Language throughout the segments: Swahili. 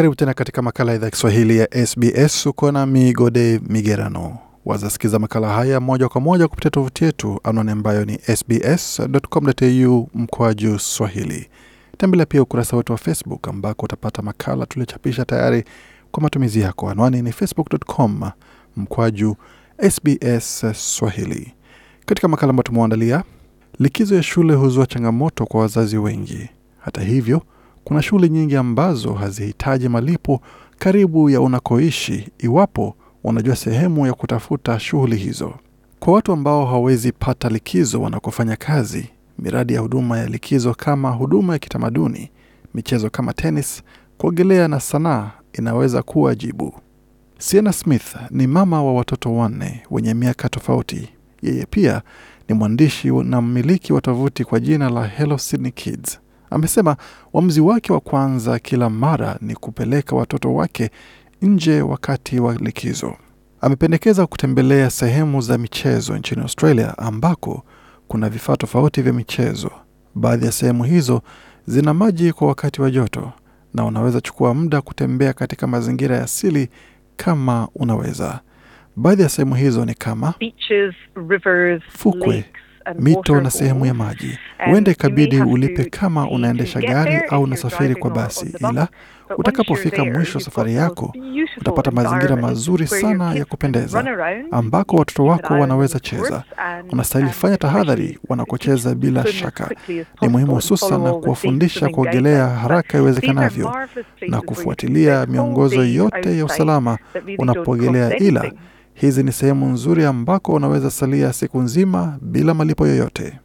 Karibu tena katika makala ya idhaa Kiswahili ya SBS. Uko na Migode Migerano. Wazasikiza makala haya moja kwa moja kupitia tovuti yetu, anwani ambayo ni sbs.com.au mkoaju swahili. Tembelea pia ukurasa wetu wa Facebook ambako utapata makala tuliochapisha tayari kwa matumizi yako. Anwani ni facebook.com mkwaju SBS Swahili. Katika makala ambayo tumeuandalia likizo ya shule huzua changamoto kwa wazazi wengi. Hata hivyo kuna shule nyingi ambazo hazihitaji malipo karibu ya unakoishi iwapo wanajua sehemu ya kutafuta shughuli hizo. Kwa watu ambao hawawezi pata likizo wanakofanya kazi, miradi ya huduma ya likizo kama huduma ya kitamaduni, michezo kama tenis, kuogelea na sanaa inaweza kuwa jibu. Sienna Smith ni mama wa watoto wanne wenye miaka tofauti. Yeye pia ni mwandishi na mmiliki wa tovuti kwa jina la Hello Sydney Kids amesema uamuzi wake wa kwanza kila mara ni kupeleka watoto wake nje wakati wa likizo. Amependekeza kutembelea sehemu za michezo nchini Australia ambako kuna vifaa tofauti vya michezo. Baadhi ya sehemu hizo zina maji kwa wakati wa joto na unaweza chukua muda kutembea katika mazingira ya asili kama unaweza. Baadhi ya sehemu hizo ni kama Beaches, rivers, fukwe lakes, mito na sehemu ya maji. Huende ikabidi ulipe kama unaendesha gari au unasafiri kwa basi, ila utakapofika mwisho wa safari yako utapata mazingira mazuri sana ya kupendeza ambako watoto wako wanaweza cheza. Unastahili fanya tahadhari wanakocheza. Bila shaka ni muhimu hususan kuwafundisha kuogelea haraka iwezekanavyo na kufuatilia miongozo yote ya usalama unapoogelea, ila Hizi ni sehemu nzuri ambako unaweza salia siku nzima bila malipo yoyote.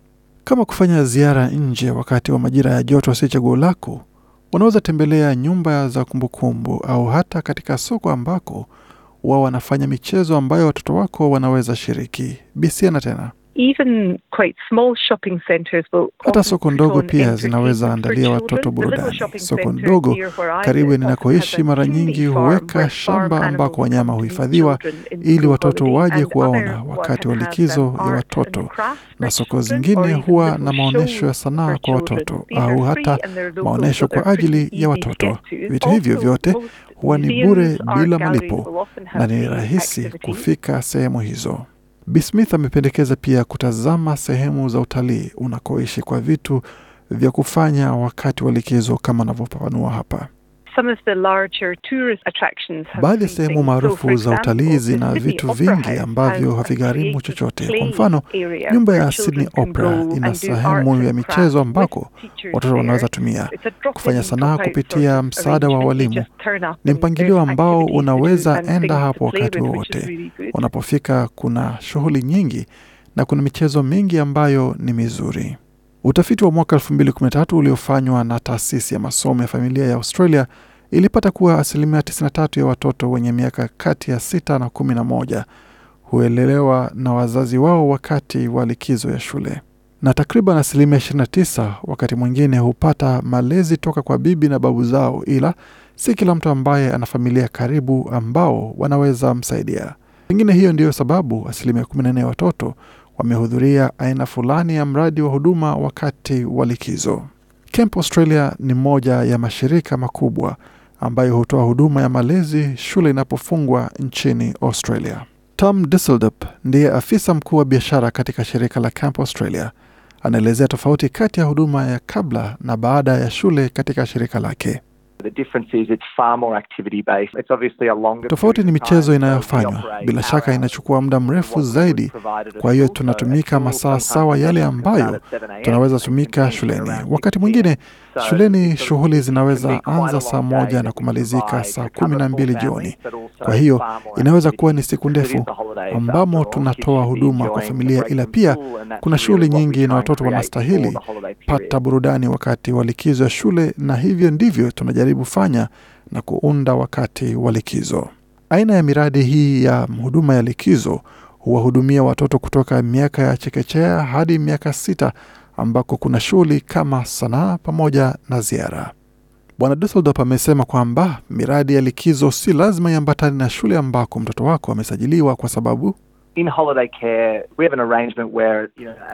Kama kufanya ziara nje wakati wa majira ya joto si chaguo lako, unaweza tembelea nyumba za kumbukumbu au hata katika soko ambako wao wanafanya michezo ambayo watoto wako wanaweza shiriki. Bisiana tena. Hata soko ndogo pia zinaweza andalia watoto burudani. Soko ndogo karibu ninakoishi mara nyingi huweka shamba ambako wanyama huhifadhiwa ili watoto waje kuwaona wakati wa likizo ya watoto, na soko zingine huwa na maonyesho ya sanaa kwa watoto au hata maonyesho kwa ajili ya watoto. Vitu hivyo vyote huwa ni bure bila malipo na ni rahisi kufika sehemu hizo. Bismith amependekeza pia kutazama sehemu za utalii unakoishi kwa vitu vya kufanya wakati wa likizo kama anavyofafanua hapa. Baadhi ya sehemu maarufu za utalii zina vitu vingi ambavyo havigharimu chochote. Kwa mfano, nyumba ya Sydney Opera ina sehemu ya michezo ambako watoto wanaweza tumia kufanya sanaa kupitia msaada wa walimu. Ni mpangilio ambao unaweza enda hapo wakati wowote unapofika. Kuna shughuli nyingi na kuna michezo mingi ambayo ni mizuri. Utafiti wa mwaka 2013 uliofanywa na taasisi ya masomo ya familia ya Australia ilipata kuwa asilimia 93 ya watoto wenye miaka kati ya 6 na 11 huelelewa na wazazi wao wakati wa likizo ya shule, na takriban asilimia 29 wakati mwingine hupata malezi toka kwa bibi na babu zao, ila si kila mtu ambaye ana familia karibu ambao wanaweza msaidia. Pengine hiyo ndiyo sababu asilimia 14 ya watoto wamehudhuria aina fulani ya mradi wa huduma wakati wa likizo. Camp Australia ni moja ya mashirika makubwa ambayo hutoa huduma ya malezi shule inapofungwa nchini Australia. Tom disseldup ndiye afisa mkuu wa biashara katika shirika la Camp Australia. Anaelezea tofauti kati ya huduma ya kabla na baada ya shule katika shirika lake. Tofauti ni michezo inayofanywa, bila shaka inachukua muda mrefu zaidi. Kwa hiyo tunatumika masaa sawa yale ambayo tunaweza tumika shuleni. Wakati mwingine shuleni shughuli zinaweza anza saa moja na kumalizika saa kumi na mbili jioni. Kwa hiyo inaweza kuwa ni siku ndefu ambamo tunatoa huduma kwa familia, ila pia kuna shughuli nyingi na watoto wanastahili pata burudani wakati wa likizo ya shule, na hivyo ndivyo tunajaribu walivyofanya na kuunda wakati wa likizo. Aina ya miradi hii ya huduma ya likizo huwahudumia watoto kutoka miaka ya chekechea hadi miaka sita ambako kuna shughuli kama sanaa pamoja na ziara. Bwana Dusseldorp amesema kwamba miradi ya likizo si lazima iambatane na shule ambako mtoto wako amesajiliwa, kwa sababu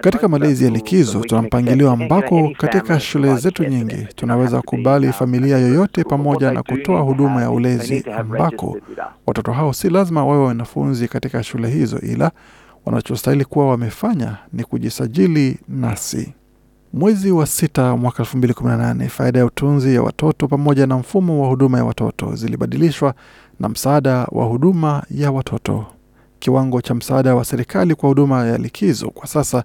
katika malezi ya likizo tuna mpangilio ambako katika shule zetu nyingi tunaweza kubali um, familia yoyote pamoja na kutoa huduma ya um, ulezi ambako watoto hao si lazima wawe wanafunzi katika shule hizo, ila wanachostahili kuwa wamefanya ni kujisajili nasi. Mwezi wa sita mwaka 2018 faida ya utunzi ya watoto pamoja na mfumo wa huduma ya watoto zilibadilishwa na msaada wa huduma ya watoto kiwango cha msaada wa serikali kwa huduma ya likizo kwa sasa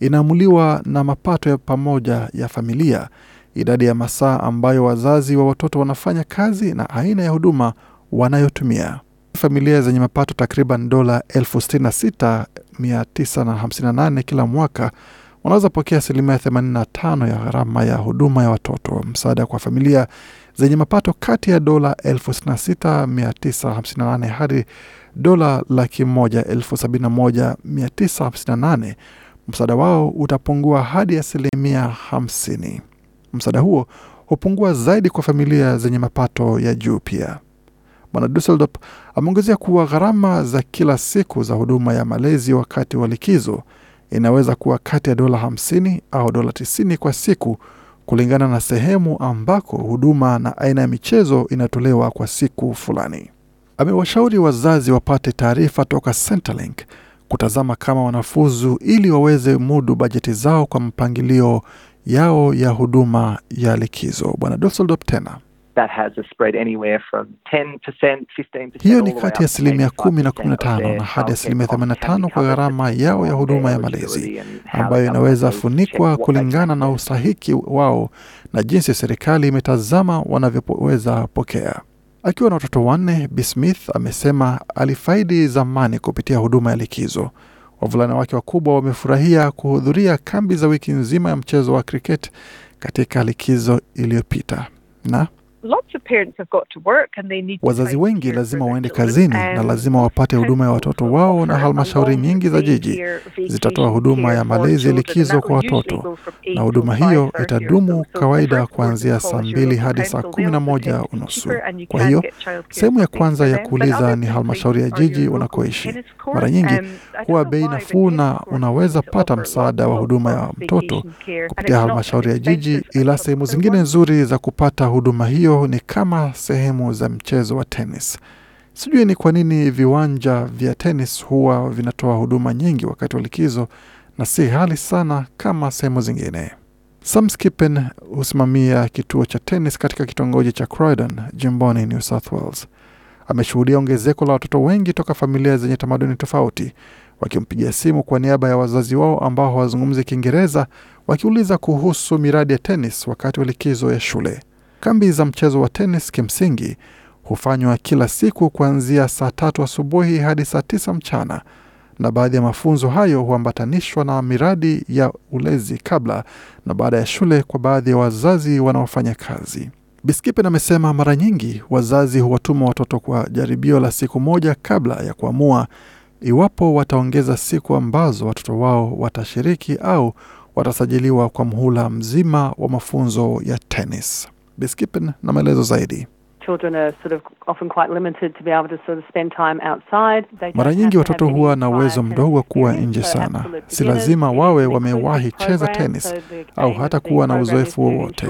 inaamuliwa na mapato ya pamoja ya familia, idadi ya masaa ambayo wazazi wa watoto wanafanya kazi na aina ya huduma wanayotumia. Familia zenye mapato takriban dola 66958 kila mwaka wanaweza pokea asilimia 85 ya gharama ya huduma ya watoto. Msaada kwa familia zenye mapato kati ya dola 66958 hadi dola laki moja elfu sabini na moja mia tisa hamsini na nane msaada wao utapungua hadi asilimia hamsini. Msaada huo hupungua zaidi kwa familia zenye mapato ya juu pia. Bwana Dusseldorp ameongezea kuwa gharama za kila siku za huduma ya malezi wakati wa likizo inaweza kuwa kati ya dola 50 au dola 90 kwa siku kulingana na sehemu ambako huduma na aina ya michezo inatolewa kwa siku fulani amewashauri wazazi wapate taarifa toka Centrelink kutazama kama wanafuzu ili waweze mudu bajeti zao kwa mpangilio yao ya huduma ya likizo. Bwana Dusseldorp tena That has a spread anywhere from 10%, 15%, hiyo ni kati ya asilimia kumi na kumi na tano na hadi asilimia themanini na tano kwa gharama yao ya huduma ya malezi ambayo inaweza funikwa kulingana na ustahiki wao na jinsi serikali imetazama wanavyoweza pokea. Akiwa na watoto wanne, Bi Smith amesema alifaidi zamani kupitia huduma ya likizo. Wavulana wake wakubwa wamefurahia kuhudhuria kambi za wiki nzima ya mchezo wa kriket katika likizo iliyopita na Wazazi wengi lazima waende kazini na lazima wapate huduma ya watoto wao, na halmashauri nyingi za jiji zitatoa huduma ya malezi likizo kwa watoto, na huduma hiyo itadumu kawaida kuanzia saa mbili hadi saa kumi na moja unusu. Kwa hiyo sehemu ya kwanza ya kuuliza ni um, halmashauri ya jiji unakoishi. Mara nyingi huwa bei nafuu na unaweza pata msaada wa huduma ya mtoto kupitia halmashauri ya jiji, ila sehemu zingine nzuri za kupata huduma hiyo ni kama sehemu za mchezo wa tenis. Sijui ni kwa nini viwanja vya tenis huwa vinatoa huduma nyingi wakati wa likizo na si hali sana kama sehemu zingine. Sam Skippen husimamia kituo cha tenis katika kitongoji cha Croydon jimboni New South Wales. Ameshuhudia ongezeko la watoto wengi toka familia zenye tamaduni tofauti wakimpigia simu kwa niaba ya wazazi wao ambao hawazungumzi Kiingereza wakiuliza kuhusu miradi ya tenis wakati wa likizo ya shule. Kambi za mchezo wa tenis kimsingi hufanywa kila siku kuanzia saa tatu asubuhi hadi saa tisa mchana, na baadhi ya mafunzo hayo huambatanishwa na miradi ya ulezi kabla na baada ya shule kwa baadhi ya wazazi wanaofanya kazi. Biskipen amesema mara nyingi wazazi huwatuma watoto kwa jaribio la siku moja kabla ya kuamua iwapo wataongeza siku ambazo watoto wao watashiriki au watasajiliwa kwa mhula mzima wa mafunzo ya tenis. Beskipin na maelezo zaidi. Mara nyingi watoto huwa na uwezo mdogo wa kuwa nje sana, si lazima wawe wamewahi cheza tenis au hata kuwa na uzoefu wowote.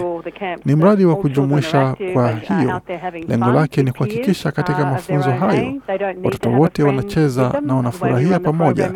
Ni mradi wa kujumuisha, kwa hiyo lengo lake ni kuhakikisha katika uh, mafunzo hayo watoto wote wanacheza na wanafurahia pamoja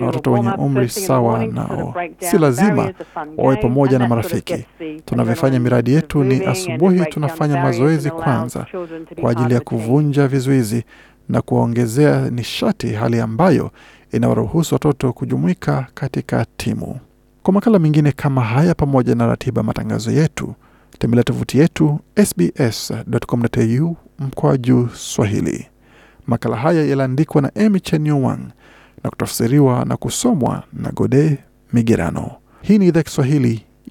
na watoto wenye umri sawa nao. Si lazima wawe pamoja na marafiki. Tunavyofanya miradi yetu ni asubuhi tunafanya mazoezi kwanza sasa kwa ajili ya kuvunja vizuizi na kuwaongezea nishati, hali ambayo inawaruhusu watoto kujumuika katika timu. Kwa makala mengine kama haya, pamoja na ratiba matangazo yetu, tembelea tovuti yetu sbs.com.au wa juu Swahili. Makala haya yaliandikwa na Emy na kutafsiriwa na kusomwa na Gode Migerano. Hii ni idhaa Kiswahili